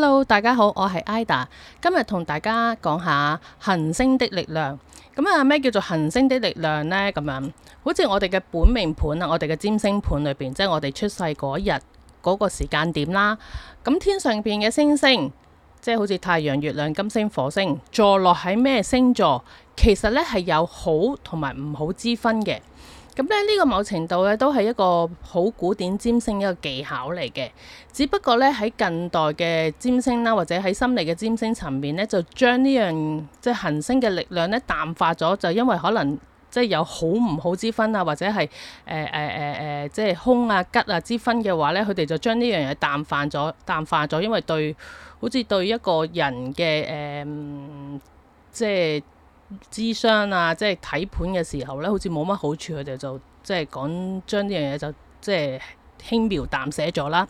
hello，大家好，我係 Ida，今日同大家講下行星的力量。咁啊咩叫做行星的力量呢？咁、嗯、樣，好似我哋嘅本命盤啊，我哋嘅占星盤裏邊，即係我哋出世嗰日嗰個時間點啦。咁、嗯、天上邊嘅星星，即係好似太陽、月亮、金星、火星，坐落喺咩星座，其實呢係有好同埋唔好之分嘅。咁咧呢個某程度咧都係一個好古典占星一個技巧嚟嘅，只不過咧喺近代嘅占星啦、啊，或者喺心理嘅占星層面咧，就將呢樣即係行星嘅力量咧淡化咗。就因為可能即係有好唔好之分啊，或者係誒誒誒誒即係凶啊吉啊之分嘅話咧，佢哋就將呢樣嘢淡化咗，淡化咗，因為對好似對一個人嘅誒、呃、即係。資商啊，即係睇盤嘅時候呢，好似冇乜好處。佢哋就即係講將呢樣嘢就即係輕描淡寫咗啦。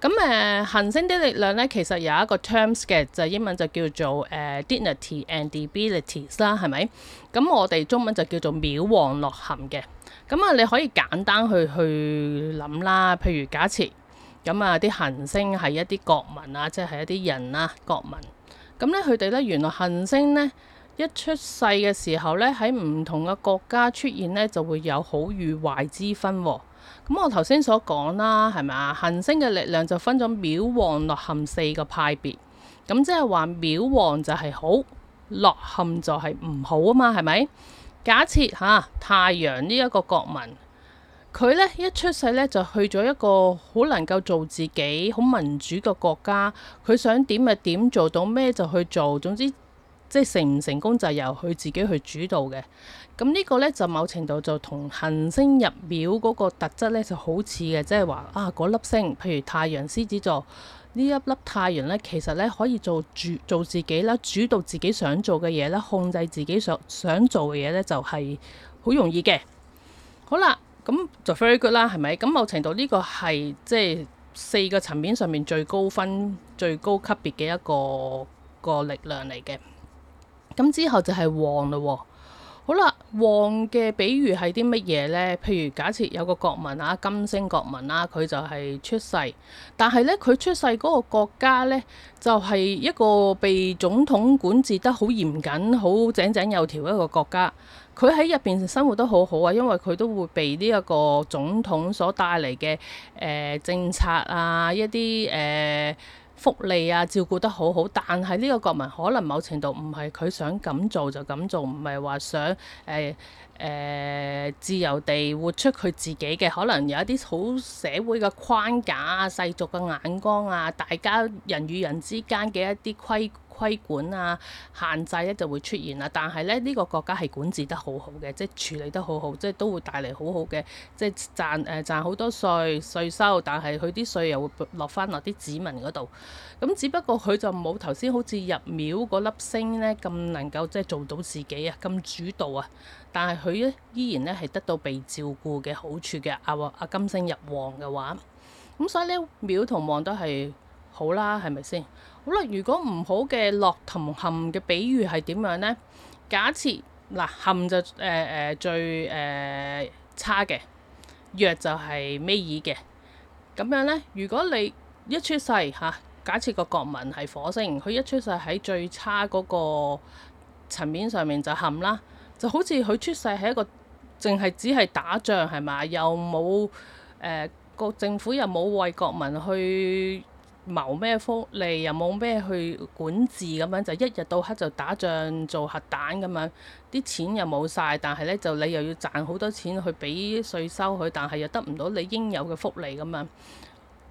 咁誒、呃，行星的力量呢，其實有一個 terms 嘅，就英文就叫做誒、uh, dignity and debilities 啦，係咪？咁我哋中文就叫做廟旺落陷嘅。咁啊，你可以簡單去去諗啦。譬如假設咁啊，啲行星係一啲國民啊，即係一啲人啊，國民咁呢。佢哋呢，原來行星呢。一出世嘅時候呢，喺唔同嘅國家出現呢，就會有好與壞之分喎、哦。咁、嗯、我頭先所講啦，係咪啊？行星嘅力量就分咗廟旺落陷四個派別。咁、嗯、即係話廟旺就係好，落陷就係唔好啊嘛，係咪？假設吓、啊、太陽呢一個國民，佢呢一出世呢，就去咗一個好能夠做自己、好民主嘅國家，佢想點咪點做到咩就去做，總之。即係成唔成功就是、由佢自己去主導嘅。咁呢個呢，就某程度就同行星入廟嗰個特質呢就好似嘅，即係話啊嗰粒、那個、星，譬如太陽、獅子座呢一粒太陽呢，其實呢可以做主做，做自己啦，主導自己想做嘅嘢啦，控制自己想想做嘅嘢呢，就係好容易嘅。好啦，咁就 very good 啦，係咪？咁某程度呢個係即係四個層面上面最高分、最高級別嘅一個一個力量嚟嘅。咁之後就係旺嘞喎，好啦，旺嘅比喻係啲乜嘢呢？譬如假設有個國民啊，金星國民啊，佢就係出世，但係呢，佢出世嗰個國家呢，就係、是、一個被總統管治得好嚴謹、好井井有條一個國家，佢喺入邊生活得好好啊，因為佢都會被呢一個總統所帶嚟嘅誒政策啊一啲誒。呃福利啊，照顧得好好，但係呢個國民可能某程度唔係佢想咁做就咁做，唔係話想誒誒、欸欸、自由地活出佢自己嘅，可能有一啲好社會嘅框架啊、世俗嘅眼光啊、大家人與人之間嘅一啲規。規管啊，限制咧就會出現啦。但係咧，呢、這個國家係管治得好好嘅，即係處理得好好，即係都會帶嚟好好嘅，即係賺誒賺好多稅稅，稅收。但係佢啲稅又會落翻落啲子民嗰度。咁只不過佢就冇頭先好似入廟嗰粒星咧，咁能夠即係做到自己啊，咁主導啊。但係佢咧依然咧係得到被照顧嘅好處嘅。阿阿金星入旺嘅話，咁所以咧廟同旺都係好啦，係咪先？好啦，如果唔好嘅落同陷嘅比喻係點樣呢？假設嗱陷就誒誒、呃呃、最誒、呃、差嘅，弱就係尾二嘅。咁樣呢，如果你一出世嚇、啊，假設個國民係火星，佢一出世喺最差嗰個層面上面就陷啦，就好似佢出世係一個淨係只係打仗，係咪？又冇誒國政府又冇為國民去。謀咩福利，又冇咩去管治咁樣，就一日到黑就打仗做核彈咁樣，啲錢又冇晒。但係呢，就你又要賺好多錢去俾稅收佢，但係又得唔到你應有嘅福利咁樣！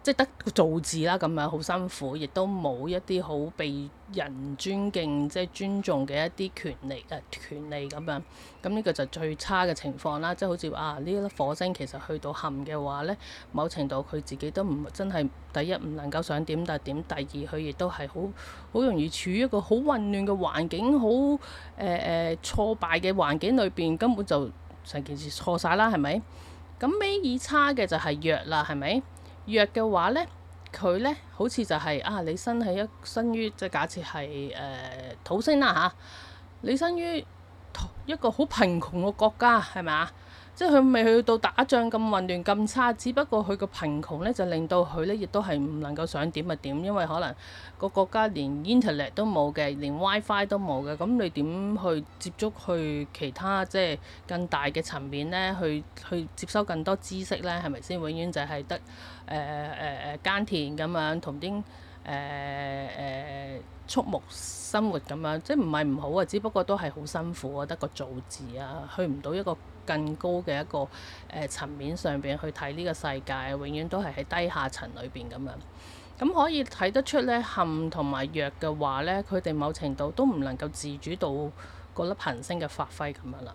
即係得造字啦，咁樣好辛苦，亦都冇一啲好被人尊敬、即係尊重嘅一啲權利。啊、呃、權利咁樣。咁呢個就最差嘅情況啦。即係好似啊，呢粒火星其實去到陷嘅話呢，某程度佢自己都唔真係，第一唔能夠想點但係點，第二佢亦都係好好容易處於一個好混亂嘅環境、好誒誒挫敗嘅環境裏邊，根本就成件事錯晒啦，係咪？咁尾二差嘅就係弱啦，係咪？弱嘅話呢，佢呢好似就係、是、啊，你身喺一身於即係假設係誒土星啦、啊、吓，你身於一個好貧窮嘅國家係咪啊？即係佢未去到打仗咁混亂咁差，只不過佢個貧窮呢，就令到佢呢，亦都係唔能夠想點就點，因為可能個國家連 internet 都冇嘅，連 wifi 都冇嘅，咁你點去接觸去其他即係更大嘅層面呢？去去接收更多知識呢？係咪先？永遠就係得誒誒誒耕田咁樣同啲誒誒畜牧生活咁樣，即係唔係唔好啊？只不過都係好辛苦啊，得個做字啊，去唔到一個。更高嘅一個誒層、呃、面上邊去睇呢個世界，永遠都係喺低下層裏邊咁樣。咁可以睇得出呢，陷同埋弱嘅話呢，佢哋某程度都唔能夠自主到嗰粒行星嘅發揮咁樣啦。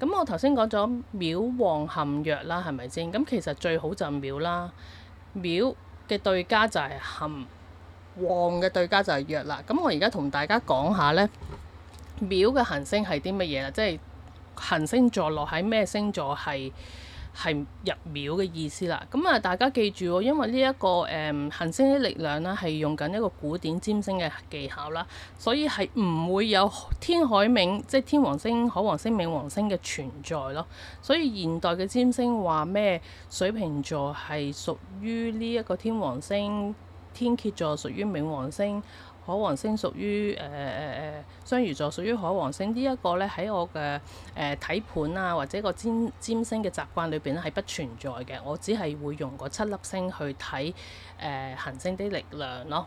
咁我頭先講咗廟旺陷弱啦，係咪先？咁其實最好就廟啦。廟嘅對家就係陷，旺嘅對家就係弱啦。咁我而家同大家講下呢，廟嘅行星係啲乜嘢啊？即係行星坐落喺咩星座係係入廟嘅意思啦，咁啊大家記住，因為呢、這、一個誒、嗯、行星嘅力量咧，係用緊一個古典占星嘅技巧啦，所以係唔會有天海冥即係天王星、海王星、冥王星嘅存在咯。所以現代嘅占星話咩水瓶座係屬於呢一個天王星，天蠍座屬於冥王星。海王星屬於誒誒誒雙魚座，屬於海王星呢、這個呃啊、一個咧喺我嘅誒睇盤啊或者個占占星嘅習慣裏邊咧係不存在嘅，我只係會用嗰七粒星去睇誒、呃、行星啲力量咯。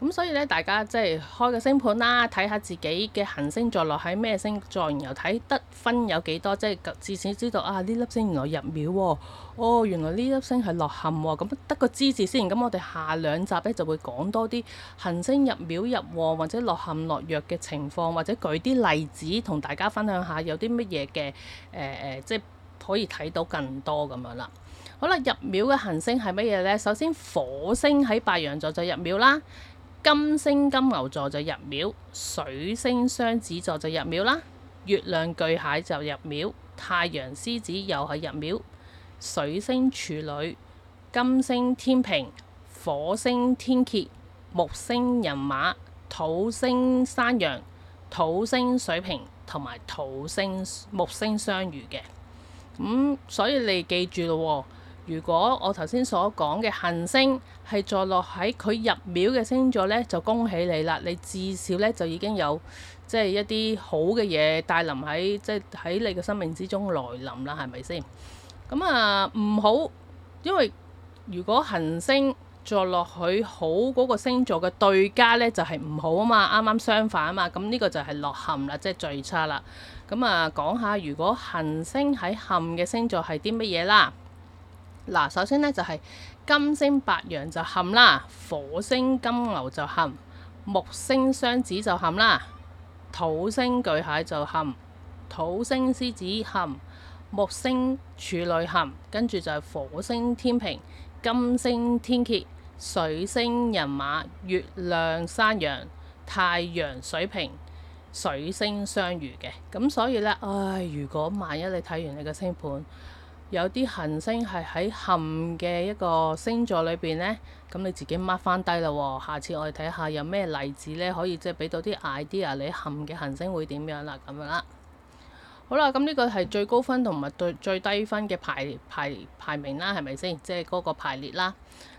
咁所以咧，大家即係開個星盤啦，睇下自己嘅行星坐落喺咩星座，然後睇得分有幾多，即係至少知道啊，呢粒星原來入廟喎、哦，哦，原來呢粒星係落陷喎、哦，咁得個知字先。咁我哋下兩集咧就會講多啲行星入廟入旺或者落陷落弱嘅情況，或者舉啲例子同大家分享下有啲乜嘢嘅誒誒，即係可以睇到更多咁樣啦。好啦，入廟嘅行星係乜嘢呢？首先火星喺白羊座就入廟啦。金星金牛座就入廟，水星雙子座就入廟啦，月亮巨蟹就入廟，太陽獅子又係入廟，水星處女、金星天秤、火星天蠍，木星人馬、土星山羊、土星水瓶同埋土星木星相遇嘅，咁、嗯、所以你記住咯喎，如果我頭先所講嘅行星，係坐落喺佢入廟嘅星座呢，就恭喜你啦！你至少呢，就已經有即係、就是、一啲好嘅嘢帶臨喺即係喺你嘅生命之中來臨啦，係咪先？咁啊唔好，因為如果行星坐落去好嗰個星座嘅對家呢，就係、是、唔好啊嘛，啱啱相反啊嘛，咁呢個就係落陷啦，即係最差啦。咁啊講下如果行星喺陷嘅星座係啲乜嘢啦？嗱，首先呢，就係、是。金星白羊就陷啦，火星金牛就陷，木星雙子就陷啦，土星巨蟹就陷，土星獅子陷，木星處女陷，跟住就係火星天秤、金星天蠍、水星人馬、月亮山羊、太陽水瓶、水星雙魚嘅。咁所以呢，唉，如果萬一你睇完你嘅星盤。有啲行星係喺陷嘅一個星座裏邊呢，咁你自己 mark 翻低啦喎。下次我哋睇下有咩例子呢？可以即係俾到啲 idea，你陷嘅行星會點樣啦咁樣啦。好啦，咁呢個係最高分同埋最最低分嘅排排排名啦，係咪先？即係嗰個排列啦。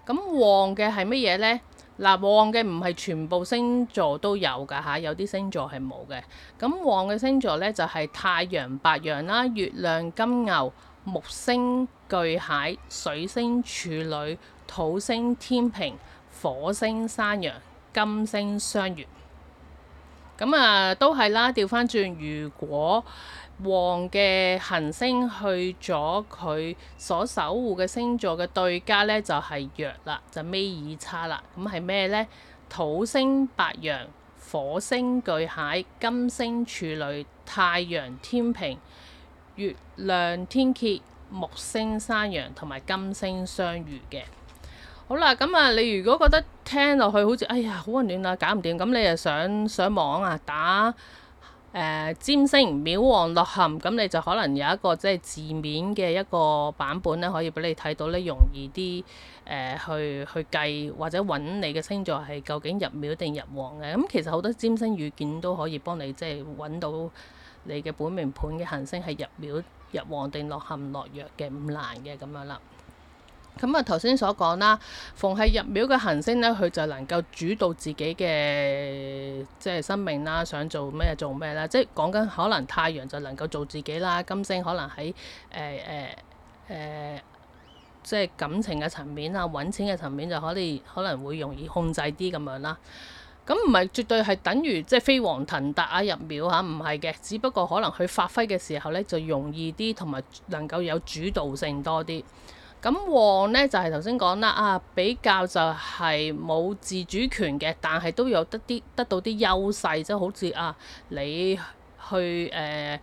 咁旺嘅係乜嘢呢？嗱，旺嘅唔係全部星座都有㗎嚇，有啲星座係冇嘅。咁旺嘅星座呢，就係太陽白羊啦，月亮金牛。木星巨蟹、水星處女、土星天平、火星山羊、金星雙魚。咁啊，都係啦。調翻轉，如果旺嘅行星去咗佢所守護嘅星座嘅對家呢，就係、是、弱啦，就尾二差啦。咁係咩呢？土星白羊、火星巨蟹、金星處女、太陽天平。月亮天蠍、木星山羊，同埋金星雙魚嘅。好啦，咁啊，你如果覺得聽落去好似，哎呀，好混亂啊，搞唔掂，咁你啊想上網啊打誒占星廟旺落陷，咁你就可能有一個即係、就是、字面嘅一個版本咧，可以俾你睇到咧，容易啲誒、呃、去去計或者揾你嘅星座係究竟入廟定入旺嘅，咁其實好多占星軟件都可以幫你即係揾到。你嘅本命盤嘅行星係入廟、入旺定落陷、落弱嘅，唔難嘅咁樣啦。咁啊頭先所講啦，逢係入廟嘅行星呢，佢就能夠主導自己嘅即係生命啦，想做咩做咩啦，即係講緊可能太陽就能夠做自己啦，金星可能喺誒誒誒，即係感情嘅層面啊，揾錢嘅層面就可能可能會容易控制啲咁樣啦。咁唔係絕對係等於即係飛黃騰達啊，入廟嚇，唔係嘅，只不過可能佢發揮嘅時候呢，就容易啲，同埋能夠有主導性多啲。咁旺呢，就係頭先講啦啊，比較就係冇自主權嘅，但係都有得啲得到啲優勢，即係好似啊你去誒。呃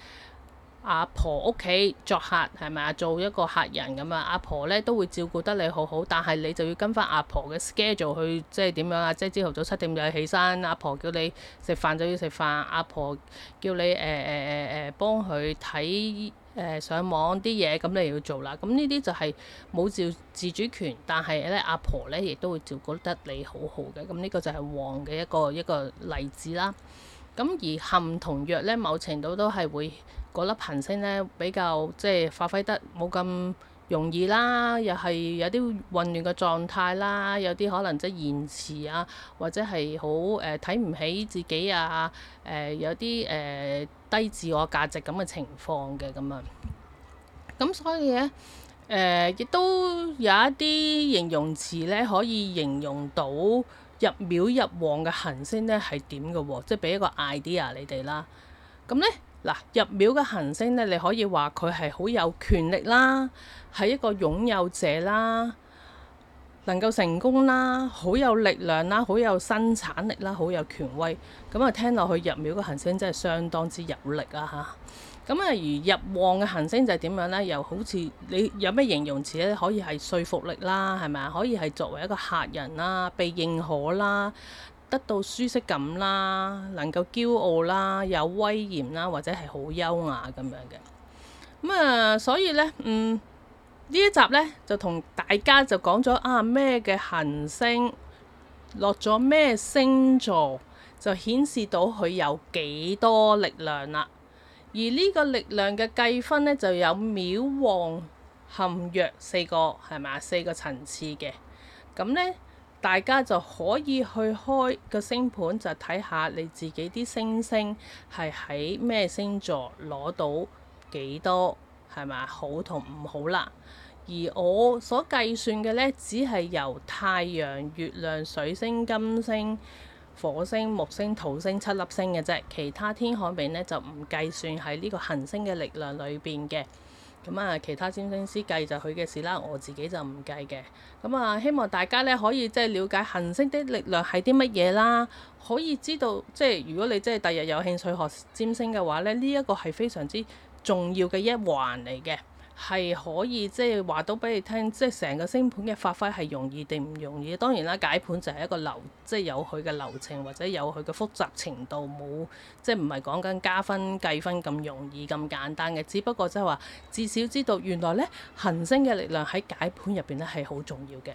阿婆屋企作客係咪啊？做一個客人咁啊，阿婆呢都會照顧得你好好，但係你就要跟翻阿婆嘅 schedule 去，即係點樣啊？即係朝頭早七點就要起身，阿婆叫你食飯就要食飯，阿婆叫你誒誒誒誒幫佢睇誒上網啲嘢，咁你又要做啦。咁呢啲就係冇自自主權，但係咧阿婆呢亦都會照顧得你好好嘅。咁呢個就係旺嘅一個一個例子啦。咁而陷同弱呢，某程度都係會嗰粒行星呢，比較即係發揮得冇咁容易啦，又係有啲混亂嘅狀態啦，有啲可能即係延遲啊，或者係好誒睇唔起自己啊，誒、呃、有啲誒、呃、低自我價值咁嘅情況嘅咁啊，咁所以呢，誒、呃、亦都有一啲形容詞呢，可以形容到。入廟入旺嘅行星呢係點嘅喎？即係俾一個 idea 你哋啦。咁呢，嗱，入廟嘅行星呢，你可以話佢係好有權力啦，係一個擁有者啦，能夠成功啦，好有力量啦，好有生產力啦，好有權威。咁啊，聽落去入廟嘅行星真係相當之有力啊嚇！咁啊，如入旺嘅行星就係點樣呢？又好似你有咩形容詞咧，可以係說服力啦，係咪啊？可以係作為一個客人啦，被認可啦，得到舒適感啦，能夠驕傲啦，有威嚴啦，或者係好優雅咁樣嘅。咁、嗯、啊，所以呢，嗯，呢一集呢，就同大家就講咗啊咩嘅行星落咗咩星座，就顯示到佢有幾多力量啦。而呢個力量嘅計分呢，就有廟旺、陷弱四個，係咪？四個層次嘅。咁呢，大家就可以去開個星盤，就睇下你自己啲星星係喺咩星座攞到幾多，係咪？好同唔好啦。而我所計算嘅呢，只係由太陽、月亮、水星、金星、火星、木星、土星七粒星嘅啫，其他天海冥呢就唔計算喺呢個行星嘅力量裏邊嘅。咁啊，其他占星師計就佢嘅事啦，我自己就唔計嘅。咁、嗯、啊，希望大家呢可以即係了解行星的力量係啲乜嘢啦，可以知道即係如果你即係第日有興趣學占星嘅話呢，呢、這、一個係非常之重要嘅一環嚟嘅。係可以即係話到俾你聽，即係成個星盤嘅發揮係容易定唔容易？當然啦，解盤就係一個流，即係有佢嘅流程或者有佢嘅複雜程度，冇即係唔係講緊加分計分咁容易咁簡單嘅。只不過即係話，至少知道原來呢行星嘅力量喺解盤入邊呢係好重要嘅。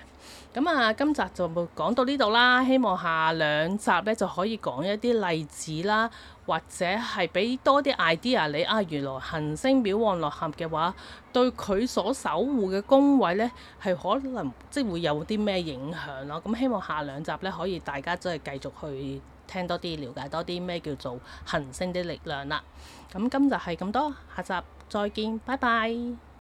咁啊，今集就冇講到呢度啦，希望下兩集呢就可以講一啲例子啦。或者係俾多啲 idea 你啊，原來行星廟旺落陷嘅話，對佢所守護嘅宮位呢，係可能即係會有啲咩影響咯。咁、嗯、希望下兩集呢，可以大家真係繼續去聽多啲，了解多啲咩叫做行星的力量啦。咁、嗯、今集就係咁多，下集再見，拜拜。